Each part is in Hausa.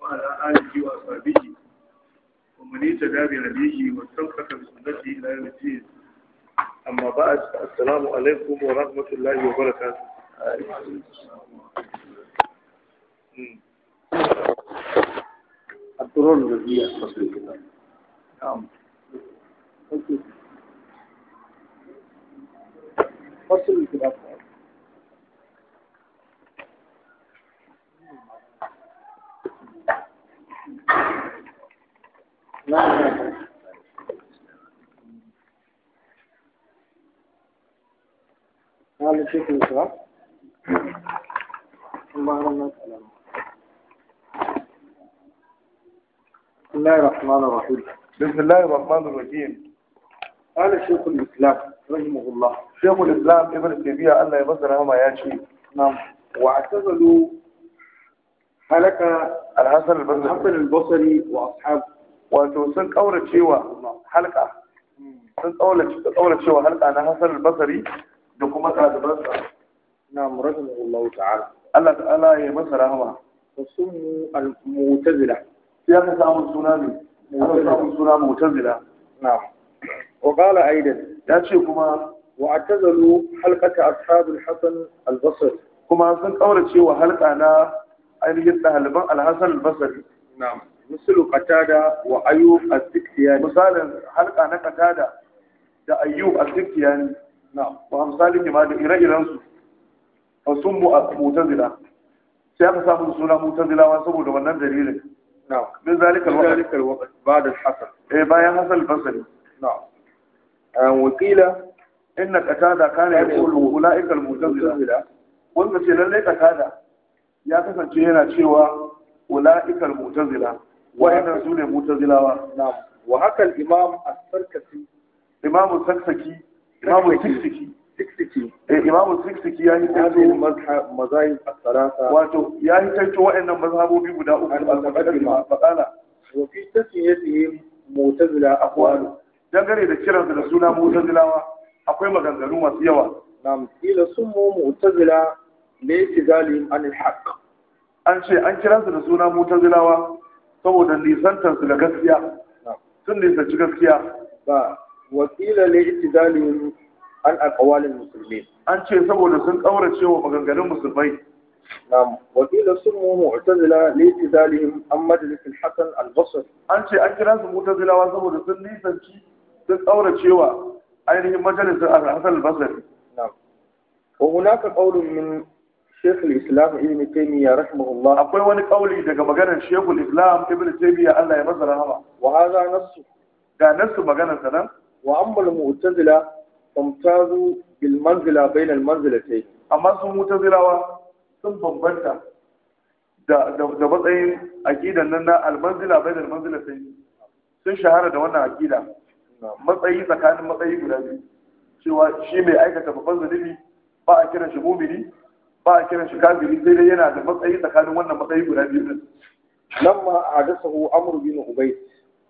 وعلى آله وأصحابه ومن اهتدى بهديه واستمسك بسنته إلى يوم الدين أما بعد السلام عليكم ورحمة الله وبركاته الضرر الذي يحصل الكتاب نعم فصل الكتاب بسم الله الرحمن الرحيم بسم الله الرحمن الرحيم قال شيخ الإسلام رحمه الله شيخ الإسلام ابن تيمية الله يبصر هما يا شيخ نعم واعتزلوا هلك الحسن البصري الحسن البصري وأصحابه wato سن kaura cewa halka سن kaura cewa halka انا Hassan البصري da kuma ɗalibansa na muradin Allah ta'ala Allah ta'ala ya masa rahama da sunu al-mu'tazila sai aka samu suna ne aka samu suna mu'tazila Na. wa qala aidan ya ce kuma wa atazalu halqata ashabul hasan al-basri kuma sun kaurace wa halqa na ainihin ɗaliban al-hasan al-basri na'am misalu qatada wa ayyub al-sikhtiyani misalin halqa na qatada da ayyub al-sikhtiyani na wa amsalin ma da ire-iren su a sun mu a mutazila sai aka samu suna mutazilawa saboda wannan dalilin na min zalikal waqt ba da hasan eh bayan hasan basri na wakila inna qatada kana yaqulu ulaika al-mutazila wanda ce lalle qatada ya kasance yana cewa ulaika al-mutazila wa'annan sune mutazilawa na wa haka al-imam as-sarkasi imam as sarkasi imam as imamu siksiki eh, imamu siksiki ya hitanto mazahib asarasa wato ya hitanto waɗannan mazhabobi guda uku a tsakanin faɗana wafi tasiyatihi mu'tazila aqwalu Dangane da kiransu da suna mu'tazilawa akwai maganganu masu yawa nam ila sumu mu'tazila li'tizalihim an al-haqq an ce an kiransu da suna mu'tazilawa saboda nisantar su da gaskiya sun nisanci gaskiya ba wakila ne itidalin an aqwalil muslimin an ce saboda sun kaurace wa maganganun musulmai نعم وقيل سموا معتزلة لاتزالهم عن مجلس الحسن البصري أنت أجراز معتزلة وزمد سني سنشي تتأورة شيوة أين مجلس الحسن البصري نعم وهناك قول من شيخ الإسلام ابن تيمية رحمه الله أقول وانا قولي دقا مقانا شيخ الإسلام ابن تيمية ألا يمزل هما وهذا نص ده نص مقانا سنة wa ammal mu'tazila famtazu bil manzila bayna al manzilatayn amma sun mu'tazilawa sun bambanta da da matsayin aqidan nan na al manzila bayna al manzilatayn sun shahara da wannan aqida matsayi tsakanin matsayi guda biyu cewa shi mai aikata babban zunubi ba a kiran shi mumini ba a kiran shi kafiri sai dai yana da matsayi tsakanin wannan matsayi guda biyu din ma a hu amru bin ubayd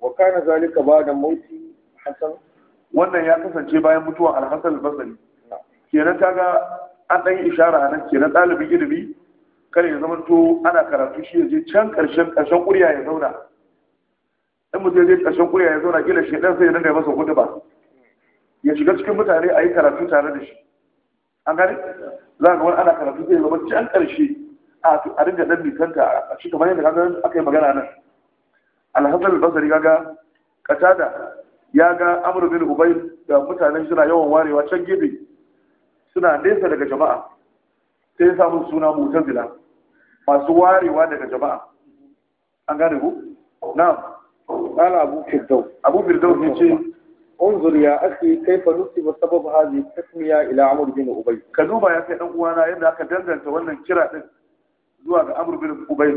wa kana zalika ba'da mauti hasan wannan ya kasance bayan mutuwar al-hasan al-basri kenan kaga an ɗan ishara a nan kenan ɗalibin ilimi kare ya zama to ana karatu shi ya je can ƙarshen ƙarshen ƙurya ya zauna in mutum ya je ƙarshen ƙurya ya zauna kila shi ɗan sai ya dinga masa gudu ba ya shiga cikin mutane a yi karatu tare da shi an gani za ga wani ana karatu zai zama can ƙarshe a dinga ɗan nisanta a cikin kamar yadda aka yi magana nan alhazal basari ya ga kata ya ga amurbin ubai da mutanen suna yawan warewa can gebe suna nesa daga jama'a sai ya samu suna mutazila masu warewa daga jama'a an gane ku na ala abu firdaus abu firdaus ne ce unzur ya akhi kayfa ba sabab hadhihi tasmiya ila amr bin ubay ka ya kai dan uwana yadda aka danganta wannan kira din zuwa ga amr bin ubay